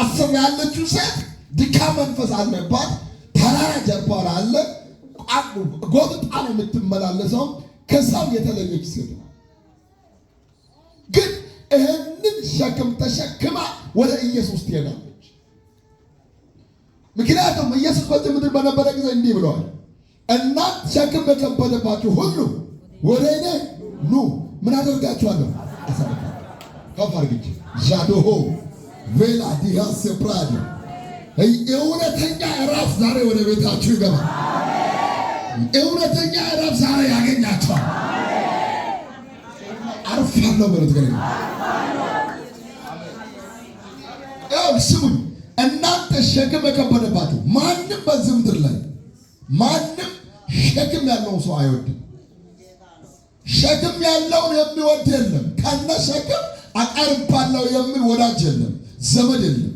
አስብ ያለችው ሴት ድካም መንፈስ አለባት። ተራራ ጀርባ አለ ጎብጣ ነው የምትመላለሰው። ከዛም የተለየች ሴት ነው። ግን ይህንን ሸክም ተሸክማ ወደ ኢየሱስ ትሄዳለች። ምክንያቱም ኢየሱስ በዚህ ምድር በነበረ ጊዜ እንዲህ ብለዋል፣ እናንተ ሸክም የከበደባችሁ ሁሉ ወደ እኔ ኑ፣ ምን አደርጋችኋለሁ? አሳልፋለሁ ከፍ አድርግች ዣዶሆ ቬላ ዲሃስ ፕራዲ የእውነተኛ እረፍት ዛሬ ወደ ቤታችሁ ይገባል። የእውነተኛ እረፍት ዛሬ ያገኛቸዋል። አርፋለሁ በሉት ስሙኝ እናንተ ሸክም የከበደባችሁ ማንም በዚህ ምድር ላይ ማንም ሸክም ያለውን ሰው አይወድም። ሸክም ያለውን የሚወድ የለም። ከነ ሸክም አቀርባለሁ የሚል ወዳጅ የለም። ዘመድ የለም፣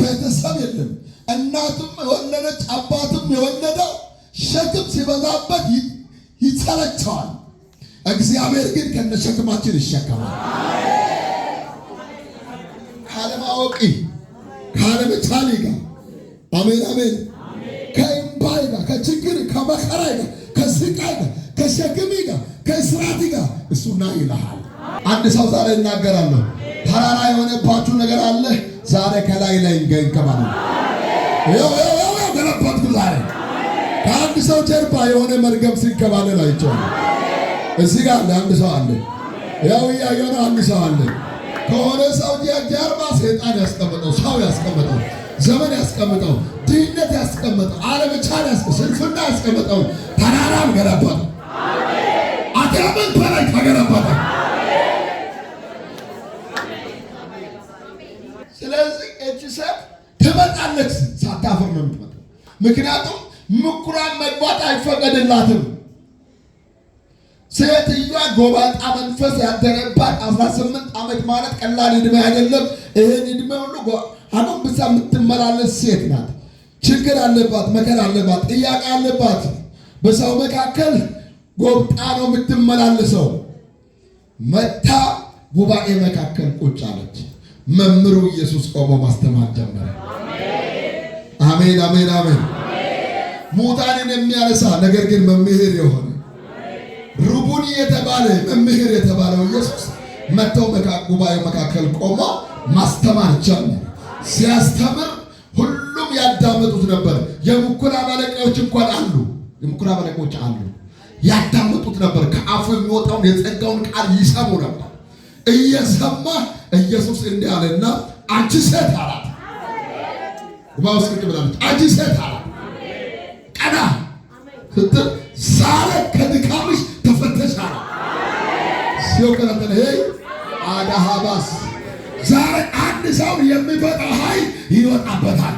ቤተሰብ የለም። እናትም የወለደች አባትም የወለደው ሸክም ሲበዛበት ይሰለቸዋል። እግዚአብሔር ግን ከነ ሸክማችን ይሸከማል። ካለማወቂ ካለመቻሌ ጋር አሜን አሜን፣ ከእምባይ ጋር ከችግር ከመከራ ጋር ከስቃይ ጋር ከሸክሚ ጋር ከእስራት ጋር እሱና ይልሃል። አንድ ሰው ዛሬ እናገራለሁ ተራራ የሆነባችሁ ነገር አለ። ዛሬ ከላይ ላይ ይገኝከማለ ገለባትኩ። ዛሬ ከአንድ ሰው ጀርባ የሆነ መርገም አይቼዋለሁ። እዚህ ጋር አንድ ሰው አለ፣ ያው እያየሁ አንድ ሰው አለ። ከሆነ ሰው ጀርባ ያስቀመጠው ሰው ያስቀመጠው ዘመን ያስቀመጠው ድህነት ያስቀመጠው አለመቻል ስንፍና ያስቀመጠው ተራራም በላይ ብትሰጥ ትመጣለች። ሳታፈር ነው የምትመጣው። ምክንያቱም ምኩራን መግባት አይፈቀድላትም። ሴትዮዋ ጎባጣ መንፈስ ያደረባት አስራ ስምንት ዓመት ማለት ቀላል እድሜ አይደለም። ይህን እድሜ ሁሉ አጎንብሳ የምትመላለስ ሴት ናት። ችግር አለባት፣ መከራ አለባት፣ ጥያቄ አለባት። በሰው መካከል ጎብጣ ነው የምትመላለሰው። መታ ጉባኤ መካከል ቁጭ አለች። መምህሩ ኢየሱስ ቆሞ ማስተማር ጀመረ። አሜን አሜን አሜን። ሙታንን የሚያነሳ ነገር ግን መምህር የሆነ ሩቡኒ የተባለ መምህር የተባለው ኢየሱስ መጥተው ጉባኤው መካከል ቆሞ ማስተማር ጀመረ። ሲያስተምር ሁሉም ያዳመጡት ነበር። የምኩራብ አለቃዎች እንኳን አሉ፣ የምኩራብ አለቆች አሉ። ያዳመጡት ነበር። ከአፉ የሚወጣውን የጸጋውን ቃል ይሰሙ ነበር። እየሰማ ኢየሱስ እንዲህ አለና አንቺ ሴት አላት። ባውስ ቅብላለች። አንቺ ሴት አላት። ቀና ስትል ዛሬ ከድካምሽ ተፈተሽ አላት። ሲወቀረተን ሄ አዳሃባስ ዛሬ አንድ ሰው የሚፈጠው ኃይል ይወጣበታል።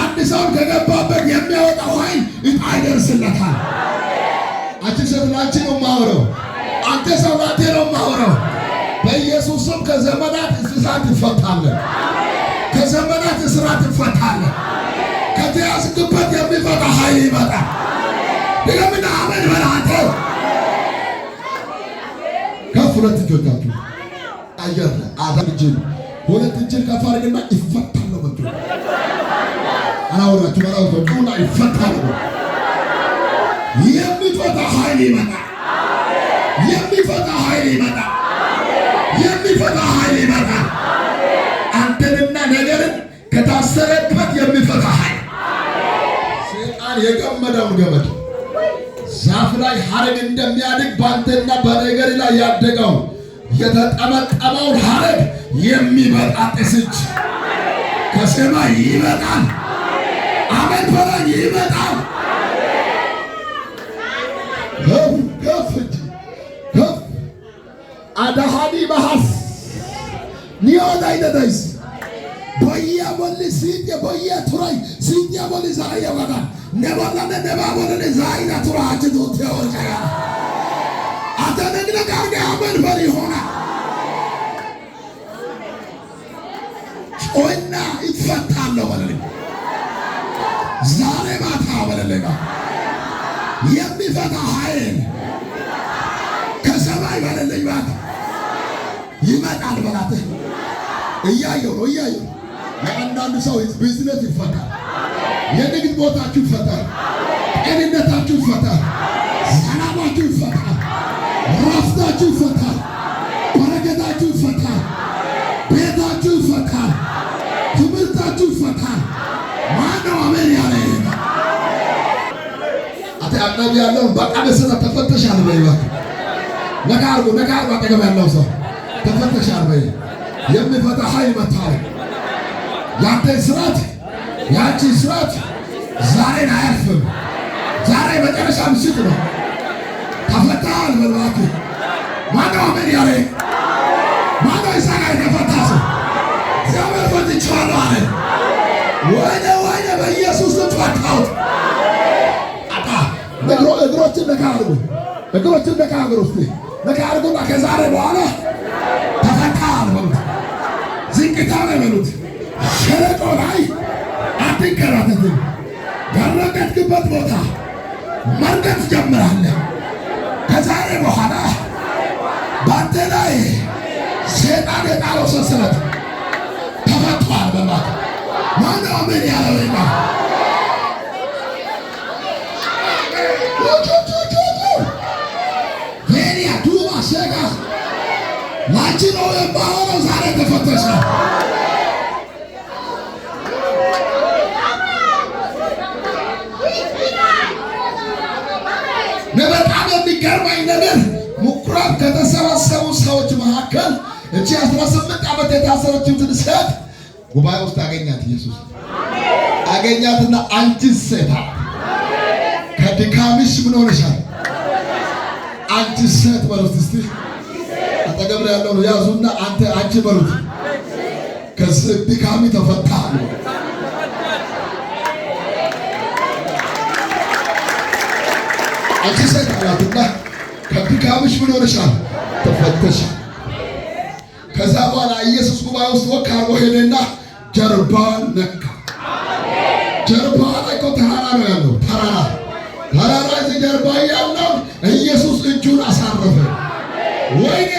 አንድ ሰው ከገባበት የሚያወጣው ኃይል እጣ ይደርስለታል። አንቺ ሰው ላንቺ ነው የማወራው። አንተ ሰው ላንተ ነው የማወራው። በኢየሱስም ከዘመናት እስራት ይፈታለን። ከዘመናት እስራት ይፈታለን። ከተያዝክበት የሚፈታ ኃይል ይመጣል። ድገምና አሜን በላንተ ከፍ ሁለት እጆቻችሁ አየር አዳም እጅን ሁለት እጅን ከፍ አድርግና ይፈታለሁ በ አላወራችሁ ባላወ ዱላ ይፈታለሁ የሚፈታ ኃይል ይመጣል። የሚፈታ ኃይል ይመጣል። የሚፈታ ኃይል ይመጣል። አንተንና ነገርን ከታሰረበት የሚፈታ ኃይል ሰይጣን የገመደውን ገመድ ዛፍ ላይ ሐረግ እንደሚያድግ በአንተና በነገር ላይ ያደገው የተጠመጠመውን ሐረግ የሚበጣጥስ እጅ ከሰማይ ይመጣል። አሜን በላይ ይመጣል። አዳሃኒ ባሃስ ኒዮን አይነዳይስ ቦያ ቦሊ ሲጤ ቦያ ቱራይ ሲጤ ቦሊ ዛየ ወጋ ነባላነ ነባቦለነ ዛይና ቱራች ዶቴ ወቀያ አተነግነ ጋርጋ አመን በሪ ሆና ጮና ይፈታለሁ በለልኝ ዛሬ ማታ በለለጋ የሚፈታ ኃይል ከሰማይ በለልኝ ማታ ይመጣል በላትህ። እያየሁ ነው እያየሁ የአንዳንድ ሰው ቢዝነስ ይፈታል፣ የንግድ ቦታችሁ ይፈታል፣ ጤንነታችሁ ይፈታል፣ ሰላማችሁ ይፈታል፣ ራፍታችሁ ይፈታል፣ በረከታችሁ ይፈታል፣ ቤታችሁ ይፈታል፣ ትምህርታችሁ ይፈታል። ማነው አሜን ያለ? አተ አናብ ያለውን በቃ መሰረት ተፈተሻል። በይባ ነቃ አርጎ አጠገብ ያለው ሰው ተፈተሻል በይ። የሚፈታ ኃይል መጥቷል። ያንተ ስራት ያቺ ስራት ዛሬን አያልፍም። ዛሬ መጨረሻ ምሽት ነው። ተፈታል በልባክ ማነው አሜን ያለ ማነው ይሳጋ የተፈታ ሰው እግዚአብሔር ፈትቼዋለሁ አለ። ወይኔ ወይኔ በኢየሱስ ፈታሁት። እግሮችን ነካ አድርጉ፣ እግሮችን ነካ አድርጉ፣ ነካ አድርጉና ከዛሬ በኋላ ዝቅታ ነው በሉት። ሸለቆ ላይ አትንከራተትም። በረገጥክበት ቦታ መርገጥ ጀምራለህ። ከዛሬ በኋላ ባንተ ላይ ሴጣን የጣለው ሰንሰለት ተፈቷል። በማት ማነው ያለ ያለው? ላንቺ ነው የማሆነው። ዛሬ ተፈተሽ ነው። የሚገርመኝ ነገር ምኩራብ ከተሰበሰቡ ሰዎች መካከል እቺ አስራ ስምንት ዓመት የታሰረችው ሴት ጉባኤ ውስጥ አገኛት። ኢየሱስ አገኛትና አንቺ ሴት ከድካምሽ ምን ሆነሻል? አንቺ ሴት በለው እስቲ አጠገብ ያለውን ያዙና አንተ አንቺ በሉት። ከዚህ ድካሚ ተፈታ። አንቺ ሴት ናትና ከድካምሽ ምን ሆነሻል? ተፈተሽ። ከዛ በኋላ ኢየሱስ ጉባኤ ውስጥ ወክ አድርጎ ሄደና ጀርባዋን ነካ። ጀርባ ላይ እኮ ተራራ ነው ያለው ተራራ ተራራ ጀርባ ያለው ኢየሱስ እጁን አሳረፈ ወይኔ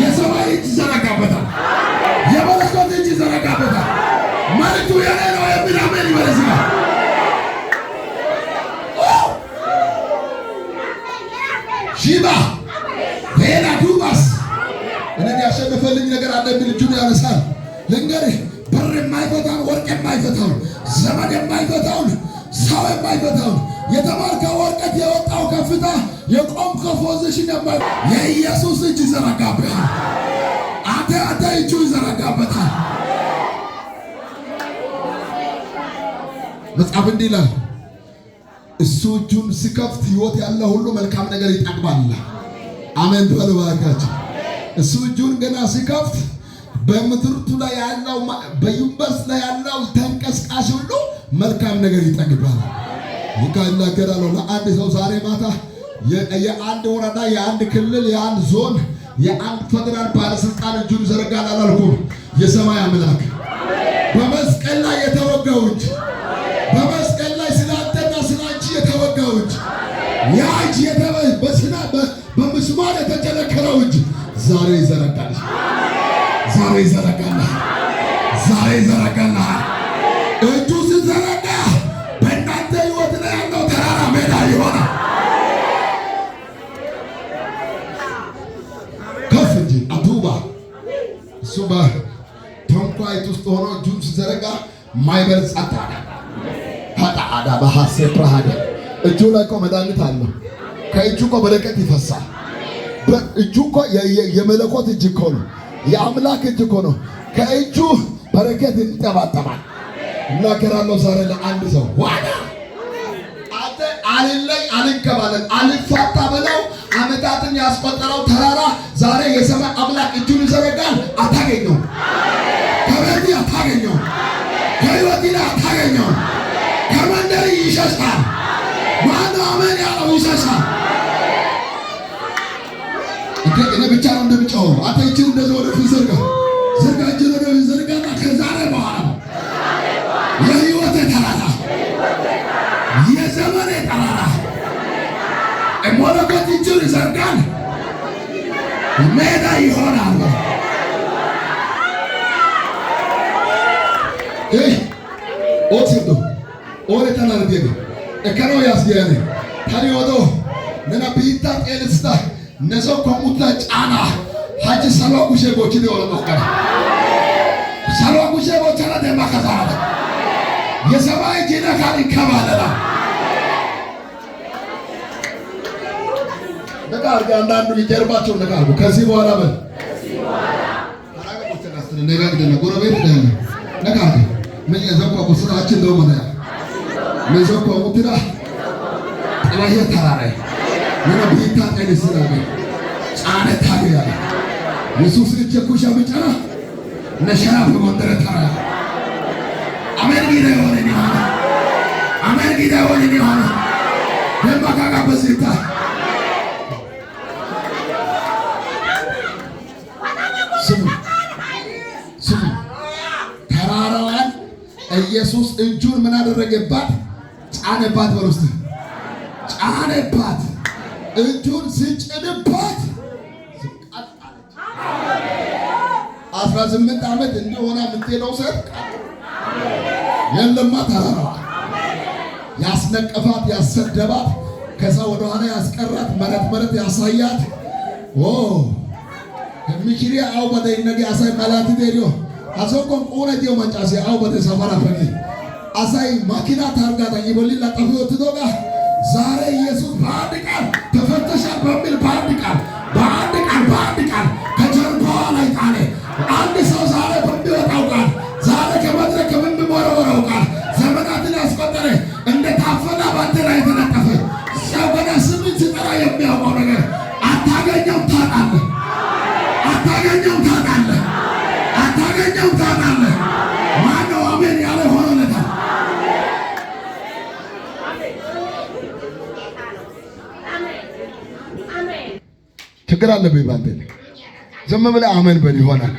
የሰማይ እጅ ዘረጋ ዲስፖዚሽን ነበር። የኢየሱስ እጅ ይዘረጋብሃል። አንተ አንተ እጁ ይዘረጋበታል። መጽሐፍ እንዲህ ይላል፣ እሱ እጁን ሲከፍት ህይወት ያለ ሁሉ መልካም ነገር ይጠቅማል። አሜን ትበሉ ባካችሁ። እሱ እጁን ገና ሲከፍት በምድርቱ ላይ ያለው በዩንበስ ላይ ያለው ተንቀሳቃሽ ሁሉ መልካም ነገር ይጠግባል። ይቃላ ገራሎ ለአንድ ሰው ዛሬ ማታ የአንድ ወረዳ፣ የአንድ ክልል፣ የአንድ ዞን፣ የአንድ ፌደራል ባለስልጣን እጁን ይዘረጋል አላልኩም? የሰማይ አምላክ በመስቀል ላይ የተወጋው እጅ በመስቀል ላይ ስላንተና ስላንቺ የተወጋው እጅ ያ እጅ በምስማር የተቸነከረው እጅ ዛሬ ይዘረጋል። ዛሬ ይዘረጋል። ዛሬ ይዘረጋል እጁ እሱ በተንኳይት ውስጥ ሆኖ እጁን ሲዘረጋ ማይበር ጸጥ አለ። ሀጣአዳ እጁ ላይ እኮ መድኃኒት አለው። ከእጁ እኮ በረከት ይፈሳል። እጁ እኮ የመለኮት እጅ እኮ ነው። የአምላክ እጅ እኮ ነው። ከእጁ በረከት ይንጠባጠባል። እናገራለሁ ዛሬ ለአንድ ሰው ዋና አንተ አልለይ አልንከባለን አልፋታ ብለው አመታትን ያስቆጠረው ብቻ ነው እንደሚጫወሩ አተችን እንደዚህ ወደፊት ዘርጋ ዘርጋ እጅን ወደፊት ዘርጋና ከዛሬ በኋላ የህይወቴ ተራራ የዘመኔ ተራራ ሞለኮት እጅን ይዘርጋል ሜዳ ይሆናል። ኦሲዶ ኦሬ እከነው ያስገያኔ ታኒ ወዶ ጤልስታ nezokkomuta chana hachi saluwa kushee goochide olanokkana saluwa kushee goochana deema kasaanata የሰማይ ጅነ ካል ይከባለላ ነቃ አርጋ አንዳንዱ ጀርባቸው ነቃ አርጉ። ከዚህ በኋላ በል ጎረቤት ነቃ አርጋ ምን የዘቋቁ ስራችን ደሞ ነ ምን ዘቋቁ ትዳ ጥበሄ ተራራይ మన ቢታ ቀንስራገ ጫነ ታሪያ የሱስ ልጅ ኩሻ ብጫራ ነሸራፍ ወንደረ ታራ አሜን ጊዳ ወለኒ ሆነ አሜን ኢየሱስ እጁን ምን አደረገባት? ጫነባት። ጫነባት እጁን ስጭንባት ዝቃጥ አለች። አስራ ስምንት ዓመት እንደሆነ የምትሄደው ሴት የለማ ተራራዋ ያስነቀፋት፣ ያሰደባት፣ ከሰው ወደኋላ ያስቀራት፣ መረት መረት ያሳያት ሚኪሪ አው በደይ ነገ አሳይ መላት ደሪዮ አሶኮን ቆነ ዲዮ አው በደይ ሰፈራ ፈኒ አሳይ ማኪና ታርጋ ታኝ ቦሊ ላጠፍ ዛሬ ኢየሱስ በአንድ ቃል ተፈተሻል በሚል በአንድ ቃል በአንድ ችግር አለብኝ ባንተ ዝም ብለህ አመን በል ይሆናል።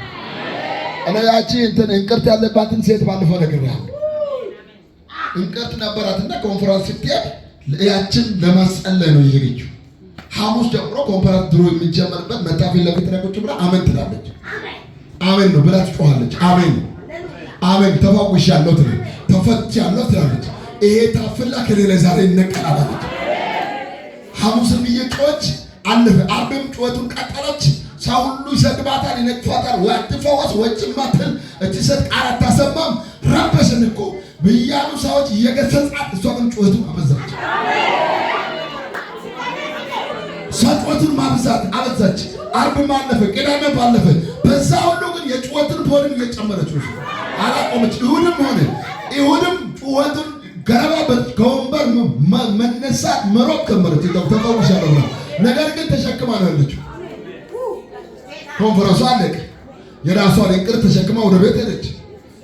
እኔ ያቺ እንትን እንቅርት ያለባትን ሴት ባለፈው ነግሬሃለሁ። እንቅርት ነበራትና ኮንፈረንስ ስትሄድ ያችን ለማስጸለይ ነው የሄደችው። ሐሙስ ጀምሮ ኮንፈረንስ ድሮ የሚጀመርበት መታፊን ለፊት ነቁጭ ብላ አመን ትላለች። አሜን ነው ብላ ትጮኻለች። አሜን አሜን፣ ተፋቁሻለሁ ትላለች፣ ተፈትቻለሁ ትላለች። ይሄ ታፍላ ከሌላ ዛሬ ይነቀላል አለች። ሐሙስም እየጮኸች አለፈ። አርብም ጩኸቱን ቀጠለች። ሰው ሁሉ ይሰድባታል፣ ይነቅፏታል። ወትፈወስ ወጭማትል እቺ ሴት ቃል አታሰማም። ረበሽን እኮ ብያሉ ሰዎች እየገሰጻት፣ እሷ ግን ጩኸቱን አበዛች። ሰቆቱን ማብዛት አበዛች። አርብ ማለፈ፣ ቅዳሜ ባለፈ፣ በዛ ሁሉ ግን የጩኸትን ፖልን እየጨመረች አላቆመች። ይሁንም ሆነ ይሁንም ጩኸቱን ገረባ ከወንበር መነሳት መሮጥ ከመረች። ተፈውሻለሁ ነገር ግን ተሸክማ ነው ያለችው። ኮንፈረንሱ አለቀ። የራሷን እንቅር ተሸክማ ወደ ቤት ሄደች።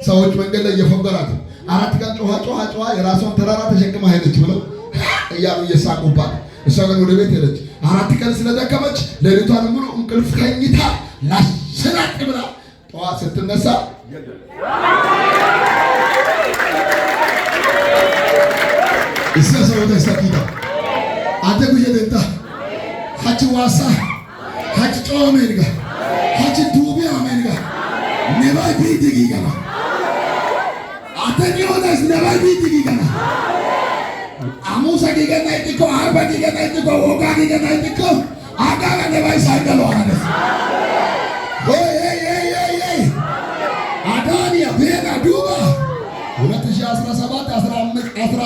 ሰዎች መንገድ ላይ እየፈንገራት አራት ቀን ጮኋ ጮኋ ጮኋ የራሷን ተራራ ተሸክማ ሄደች ብለው እያሉ እየሳቁባት፣ እሷ ግን ወደ ቤት ሄደች። አራት ቀን ስለደከመች ሌሊቷን ሙሉ እንቅልፍ ተኝታ ላስላቅ ብላ ጠዋት ስትነሳ እሰ ሰው ተሰኪታ አተ ጉየደታ hachi waasa hachi coo ameenga hachi duubi ameenga nebay biiti giigana ate yoonas nebay biiti giigana amuusa giigana itikko arba giigana itikko wogaa giigana itikko agaaga nebay saagalo aranes አዳንያ ቤና ዱባ ሁለት ሺህ አስራ ሰባት አስራ አምስት አስራ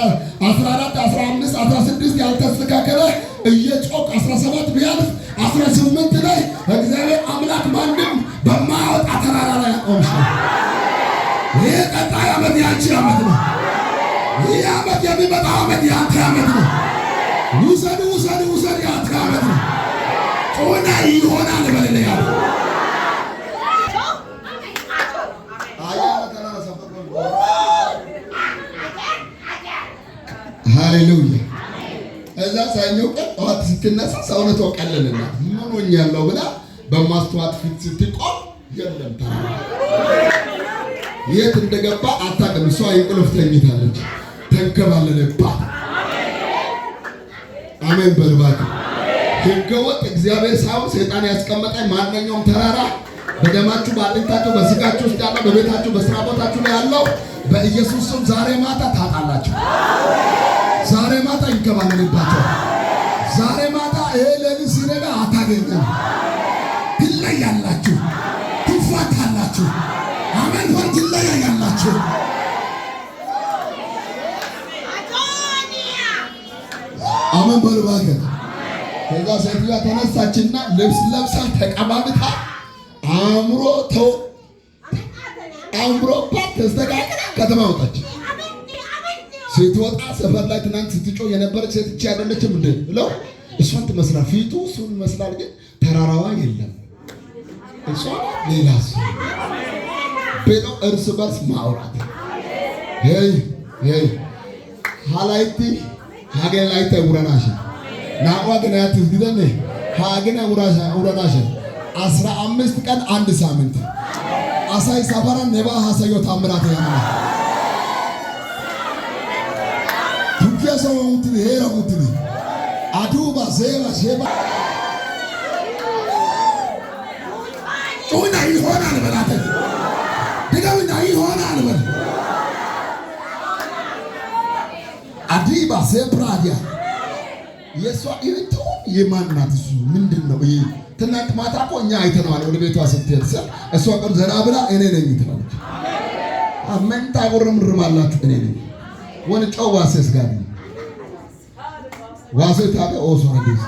አራት አስራ አምስት አስራ ስድስት ያልተስተካከለ እየጮክ 17 ቢያልፍ 18 ላይ እግዚአብሔር አምላክ ማንም በማያወጣ ተራራ ላይ አቆምሻል። ይህ ቀጣይ ዓመት ያንቺ ዓመት ነው። ይህ ዓመት የሚመጣው ዓመት የአንተ ዓመት ነው። ውሰድ ውሰድ ውሰድ የአንተ ዓመት ነው። ጮና ይሆናል በልለያለ ስትነሳ ሰውነቷ ቀለለላት። ምን ሆኛለሁ ብላ በማስተዋት ፊት ስትቆም የለም ታ የት እንደገባ አታውቅም። እሷ እንቅልፍ ተኝታለች። ተንከባለለባት። አሜን በልባት ህገወጥ እግዚአብሔር ሳይሆን ሰይጣን ያስቀመጠኝ ማንኛውም ተራራ በደማችሁ በአጥንታችሁ በስጋችሁ ውስጥ ያለው በቤታችሁ በስራ ቦታችሁ ላይ ያለው በኢየሱስ ስም ዛሬ ማታ ታጣላችሁ። ዛሬ ማታ ይንከባለልባቸው። ዛሬ ማታ ይሄ ለምን ሲረዳ አታገኝም። ትለያላችሁ፣ ትፋታላችሁ። አመን ሆን ትለያያላችሁ። አመን በልባገ ከዛ ሴትዮዋ ተነሳችና ልብስ ለብሳ ተቀባብታ አእምሮ ተው አእምሮ ተስተካክላ ከተማ ወጣች። ስትወጣ ሰፈር ላይ ትናንት ስትጮ የነበረች ሴት እቺ አይደለችም እንዴ ብለው እሷን ትመስላል። ፊቱ እሱን ይመስላል፣ ግን ተራራዋ የለም። እሷ ሌላ እርስ በርስ ማውራት ይ ሃላይቲ ሀገላይተ ውረናሽ ናቋ ውረናሽ አስራ አምስት ቀን አንድ ሳምንት አሳይ ነባ ሀሰዮ ታምራት ያምናል ሰው ጉትኒ ሄራ ጉትኒ አዱባ ዜባ ዜባ ጩና ይሆናል በላተ ድገምና ይሆናል በል አዲባ ሴፕራዲያ የእሷ ይህቱ የማን ናት? እሱ ምንድን ነው? ይህ ትናንት ማታ እኮ እኛ አይተነዋል። ወደ ቤቷ ስትሄድ ስር እሷ ቀን ዘና ብላ እኔ ነኝ ትላለች። መንታ ጉርምርም እኔ ነኝ ወን ጨዋ ሴስ ጋር ዋስታለ ኦሶነዴስ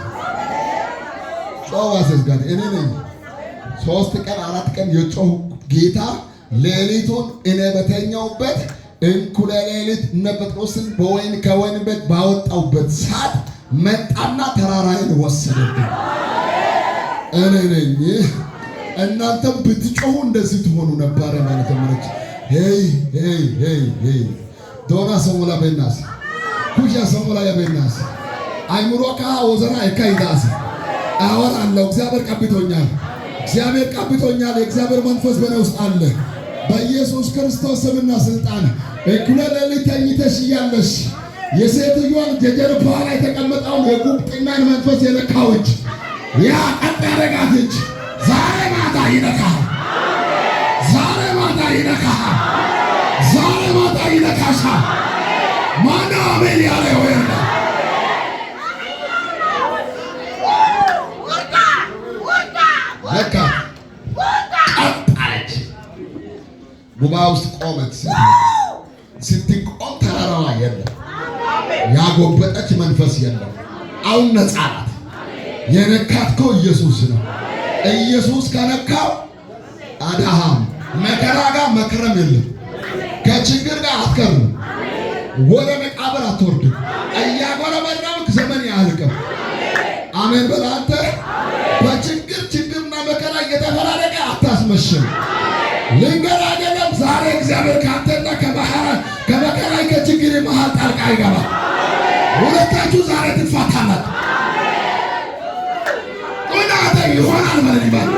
ጮህ ዋሰስ ጋር እኔ ነኝ። ሶስት ቀን አራት ቀን የጮህ ጌታ ሌሊቱን እኔ በተኛውበት እንኩለ ሌሊት እነ ጴጥሮስን በወይን ከወይን ቤት ባወጣውበት ሰዓት መጣና ተራራዬን ወሰደብኝ። እኔ ነኝ። እናንተም ብትጮሁ እንደዚህ ትሆኑ ነበረ ማለት ነች። ሄይ ሄይ ሄይ ዶና ሰሞላ ቤናስ ኩሻ ሰሞላ የቤናስ አይምሮ ካ ወዘራ ይካይዳስ አወራለሁ። እግዚአብሔር ቀብቶኛል፣ እግዚአብሔር ቀብቶኛል። የእግዚአብሔር መንፈስ በእኔ ውስጥ አለ። በኢየሱስ ክርስቶስ ስምና ስልጣን እኩለ ሌሊት ተኝተሽ እያለሽ የሴትዮዋን ጀርባዋ ላይ የተቀመጠውን የጉብጥናን መንፈስ የነካው ያ ቀጥ ያደረጋት እጅ ዛሬ ማታ ይነካል። ዛሬ ማታ ይነካል። ዛሬ ማታ ይነካሻል። ማን አሜን ያለ ይሆናል። ጉባ ውስጥ ቆመች። ስትቆም ተራራዋ የለም፣ ያጎበጠች መንፈስ የለም። አሁን ነፃ ናት። የነካትኮ ኢየሱስ ነው። ኢየሱስ ከነካው አዳሃም መከራ ጋር መክረም የለም። ከችግር ጋር አትከርም። ወደ መቃብር አትወርድም። እያጎረመረምክ ዘመን ያልቅም። አሜን በላንተ በችግር ችግርና መከራ እየተፈራረቀ አታስመሽም ልንገር ዛሬ እግዚአብሔር ከአንተና ከመከራይ ከችግር መሃል ጣልቃ ይገባል። ሁለታችሁ ዛሬ ትፋታላት። ቁናተ ይሆናል ማለት ይባል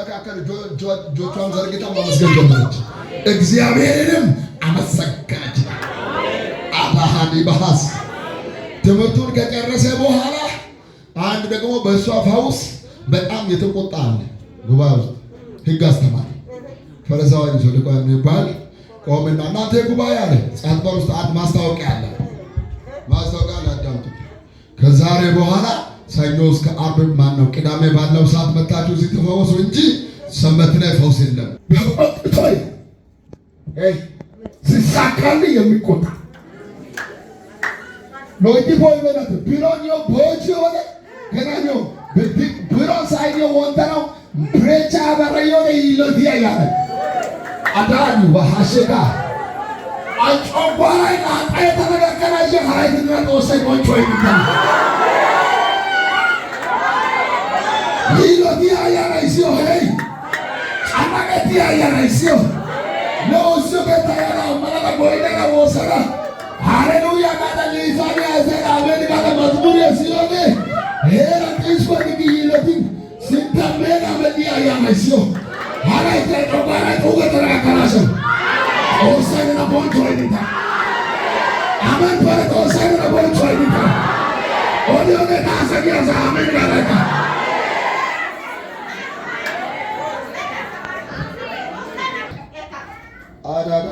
መካከል እጆቿን ዘርግታ ማመስገን ጀመረች። እግዚአብሔርንም አመሰገነች። አባሃኒ ባህስ ትምህርቱን ከጨረሰ በኋላ አንድ ደግሞ በእሷ ፋውስ በጣም የተቆጣ አለ። ጉባ ህግ አስተማሪ ፈሪሳውያን ሰዱቃ የሚባል ቆመና እናንተ ጉባኤ አለ። ጻድቃን ውስጥ አንድ ማስታወቂያ አለ። ማስታወቂያ አዳምጡ። ከዛሬ በኋላ ሰኞ እስከ አርብ ማን ነው ቅዳሜ ባለው ሰዓት መታችሁ እዚህ ተፈወሱ እንጂ ሰንበት ላይ ፈውስ የለም። ሲሳካልህ የሚቆጣ ሎጂፎ ይበለት ቢሮኒዮ ቦጂ ሆነ ገናኒዮ ቢሮ ሳይዮ ወንተናው ብሬቻ በረዮ ይሎት ያያለ አዳኒ ወሐሸጋ አጮባይ አጣ የተነገረሽ ሀይትና ተወሰኝ ወንጮ ይምታ ይሎት ያያለ ሲዮ ሄይ አማቀት ያያለ ሲዮ ነው ሲዮ በታያላ ማላ ቦይና ወሰራ Haleluya, kata nilifanya azeka amen, kata mazuri asione. Hela kishwa nikijile kini. Sinta mena amenia ya mesio. Hala ite toka na tuge tura ya kanasho. Osani na poncho edita. Amen, pareto osani na poncho edita. Odi ome tasa za amen